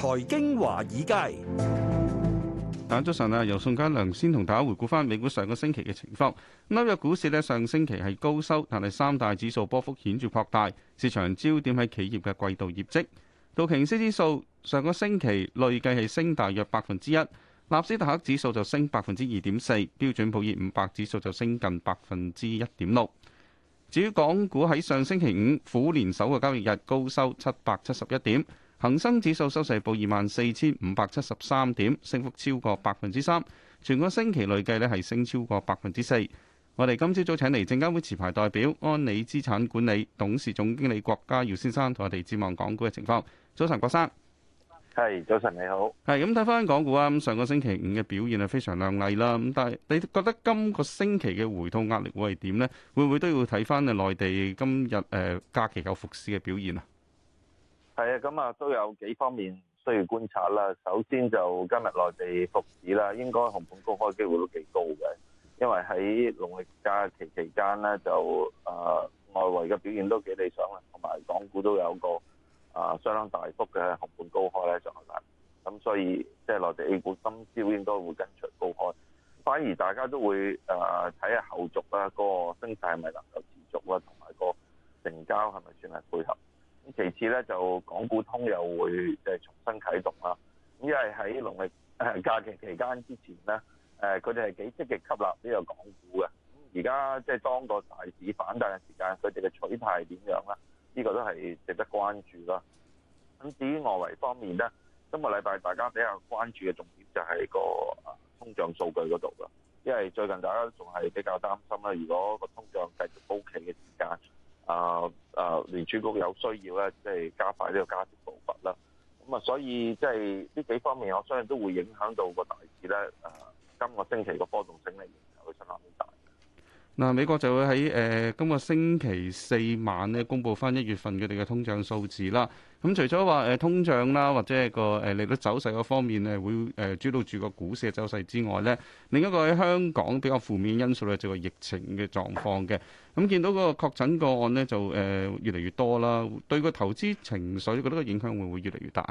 財經華爾街，大家早晨啊，由宋嘉良先同大家回顧翻美股上個星期嘅情況。紐約股市呢，上星期係高收，但係三大指數波幅顯著擴大，市場焦點喺企業嘅季度業績。道瓊斯指數上個星期累計係升大約百分之一，納斯達克指數就升百分之二點四，標準普爾五百指數就升近百分之一點六。至於港股喺上星期五虎年首個交易日，高收七百七十一點。恒生指數收市報二萬四千五百七十三點，升幅超過百分之三。全個星期累計咧係升超過百分之四。我哋今朝早，早請嚟證監會持牌代表安理資產管理董事總經理郭家耀先生同我哋展望港股嘅情況。早晨，郭生，係早晨，你好。係咁睇翻港股啊。咁上個星期五嘅表現係非常亮麗啦。咁但係你覺得今個星期嘅回吐壓力會係點呢？會唔會都要睇翻內地今日誒，假期有復市嘅表現啊？係啊，咁啊都有幾方面需要觀察啦。首先就今日內地復市啦，應該紅盤高開機會都幾高嘅，因為喺農曆假期期間咧，就啊、呃、外圍嘅表現都幾理想啦，同埋港股都有一個啊、呃、相當大幅嘅紅盤高開咧上嚟。咁所以即係內地 A 股今朝應該會跟隨高開，反而大家都會啊睇下後續啊、嗰個升勢係咪能夠持續啦，同埋個成交係咪算係配合。其次咧就港股通又會誒重新啟動啦，因為喺農曆假期期間之前咧，誒佢哋係幾積極吸納呢個港股嘅。而家即係當個大市反彈嘅時間，佢哋嘅取態點樣咧？呢、這個都係值得關注啦。咁至於外圍方面咧，今個禮拜大家比較關注嘅重點就係個通脹數據嗰度啦，因為最近大家都仲係比較擔心啦，如果個通脹繼續高企嘅。主局有需要咧，即係加快呢個加息步伐啦。咁啊，所以即係呢幾方面，我相信都會影響到個大市咧。誒，今個星期個波動性咧。嗱，美國就會喺誒今個星期四晚咧公佈翻一月份佢哋嘅通脹數字啦。咁除咗話誒通脹啦，或者係個誒利率走勢嗰方面咧，會誒主導住個股市嘅走勢之外咧，另外一個喺香港比較負面因素咧就係疫情嘅狀況嘅。咁見到嗰個確診個案咧就誒越嚟越多啦，對個投資情緒覺得個影響會唔會越嚟越大？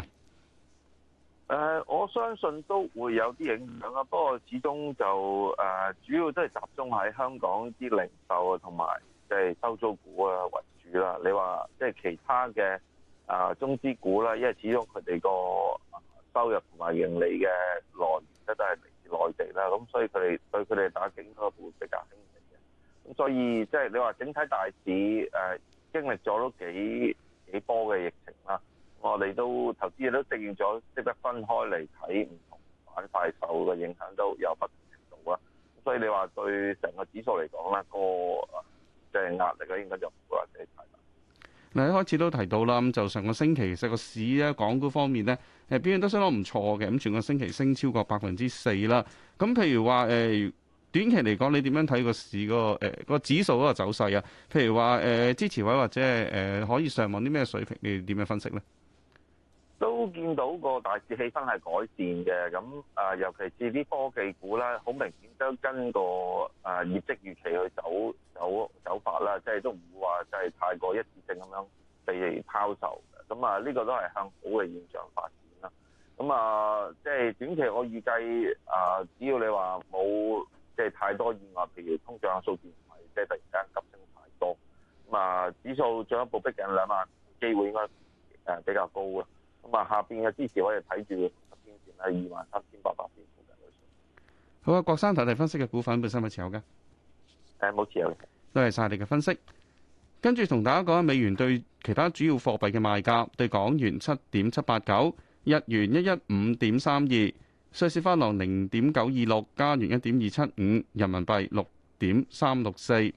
誒，我相信都會有啲影響啦，不過始終就誒，主要都係集中喺香港啲零售啊，同埋即係收租股啊為主啦。你話即係其他嘅啊中資股啦，因為始終佢哋個收入同埋盈利嘅來源咧都係嚟自內地啦，咁所以佢哋對佢哋打擊應該會比較輕微嘅。咁所以即係你話整體大市誒經歷咗都幾幾波嘅疫情啦。我哋都投資也都適應咗，即係分開嚟睇唔同板塊受嘅影響都有不同程度啦。所以你話對成個指數嚟講咧，個誒即係壓力咧應該就唔會話幾太大，自己大。嗱，一開始都提到啦，咁就上個星期其實個市咧，港股方面咧，誒表現都相當唔錯嘅。咁全個星期升超過百分之四啦。咁譬如話誒，短期嚟講你點樣睇個市個誒、個指數嗰個走勢啊？譬如話誒支持位或者係誒可以上望啲咩水平？你點樣分析咧？都見到個大市氣氛係改善嘅，咁啊，尤其是啲科技股咧，好明顯都跟個啊業績預期去走走走法啦，即係都唔會話即係太過一致性咁樣被拋售嘅。咁啊，呢個都係向好嘅現象發展啦。咁啊，即係短期我預計啊、呃，只要你話冇即係太多意外，譬如通脹嘅數字唔係即係突然間急升太多，咁啊指數進一步逼近兩萬，機會應該誒比較高嘅。咁啊，下邊嘅支持我哋睇住二萬三千八百，好啊，郭生，頭頭分析嘅股份本身有冇新持有嘅？誒，冇持有。多謝晒你嘅分析。跟住同大家講美元對其他主要貨幣嘅賣價，對港元七點七八九，日元一一五點三二，瑞士法郎零點九二六，加元一點二七五，人民幣六點三六四。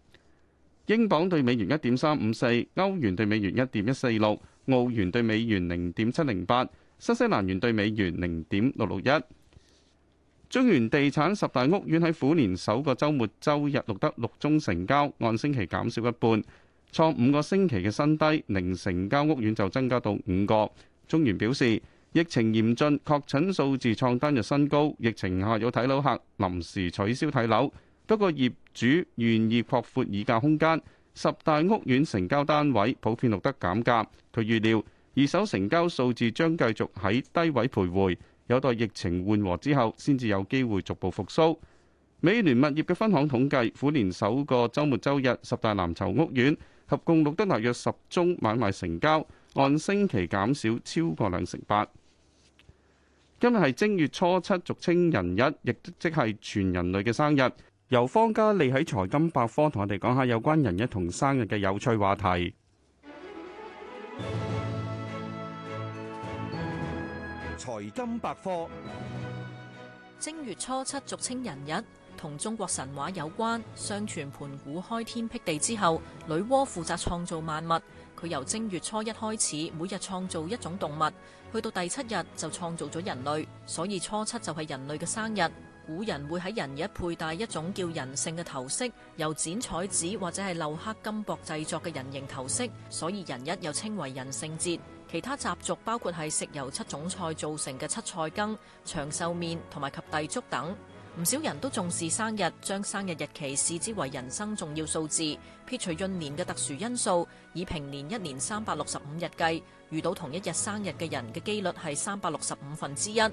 英鎊對美元一點三五四，歐元對美元一點一四六，澳元對美元零點七零八，新西蘭元對美元零點六六一。中原地產十大屋苑喺虎年首個周末周日錄得六宗成交，按星期減少一半，創五個星期嘅新低。零成交屋苑就增加到五個。中原表示，疫情嚴峻，確診數字創單日新高，疫情下有睇樓客臨時取消睇樓。不過業主願意擴闊議價空間，十大屋苑成交單位普遍錄得減價。佢預料二手成交數字將繼續喺低位徘徊，有待疫情緩和之後，先至有機會逐步復甦。美聯物業嘅分行統計，虎年首個周末周日，十大藍籌屋苑合共錄得大約十宗買賣成交，按星期減少超過兩成八。今日係正月初七，俗稱人日，亦即係全人類嘅生日。由方家利喺財金百科同我哋講下有關人日同生日嘅有趣話題。財金百科，正月初七俗稱人日，同中國神話有關。相傳盤古開天辟地之後，女媧負責創造萬物。佢由正月初一開始，每日創造一種動物，去到第七日就創造咗人類，所以初七就係人類嘅生日。古人會喺人日佩戴一種叫「人勝」嘅頭飾，由剪彩紙或者係鏤刻金箔製作嘅人形頭飾，所以人日又稱為人勝節。其他習俗包括係食由七種菜做成嘅七菜羹、長壽麵同埋及第粥等。唔少人都重視生日，將生日日期視之為人生重要數字。撇除閏年嘅特殊因素，以平年一年三百六十五日計，遇到同一日生日嘅人嘅機率係三百六十五分之一。而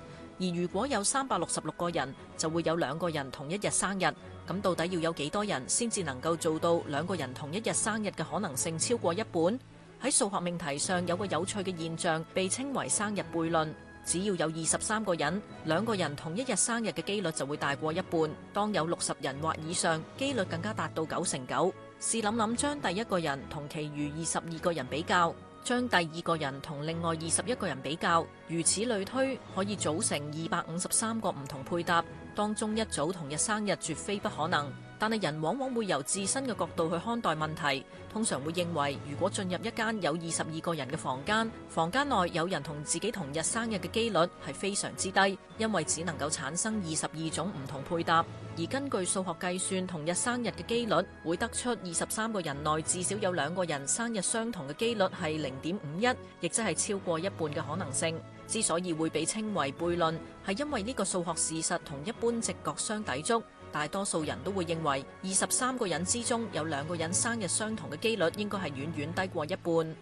如果有三百六十六個人，就會有兩個人同一日生日。咁到底要有幾多人先至能夠做到兩個人同一日生日嘅可能性超過一半？喺數學命題上有個有趣嘅現象，被稱為生日悖論。只要有二十三個人，兩個人同一日生日嘅幾率就會大過一半。當有六十人或以上，幾率更加達到九成九。試諗諗，將第一個人同其餘二十二個人比較，將第二個人同另外二十一個人比較，如此類推，可以組成二百五十三個唔同配搭，當中一組同日生日絕非不可能。但係人往往會由自身嘅角度去看待問題，通常會認為，如果進入一間有二十二個人嘅房間，房間內有人同自己同日生日嘅機率係非常之低，因為只能夠產生二十二種唔同配搭。而根據數學計算，同日生日嘅機率，會得出二十三個人內至少有兩個人生日相同嘅機率係零點五一，亦即係超過一半嘅可能性。之所以會被稱為悖論，係因為呢個數學事實同一般直覺相抵觸。大多數人都會認為，二十三個人之中有兩個人生日相同嘅幾率，應該係遠遠低過一半。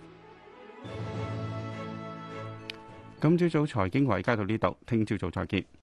今朝早財經華爾街到呢度，聽朝早再見。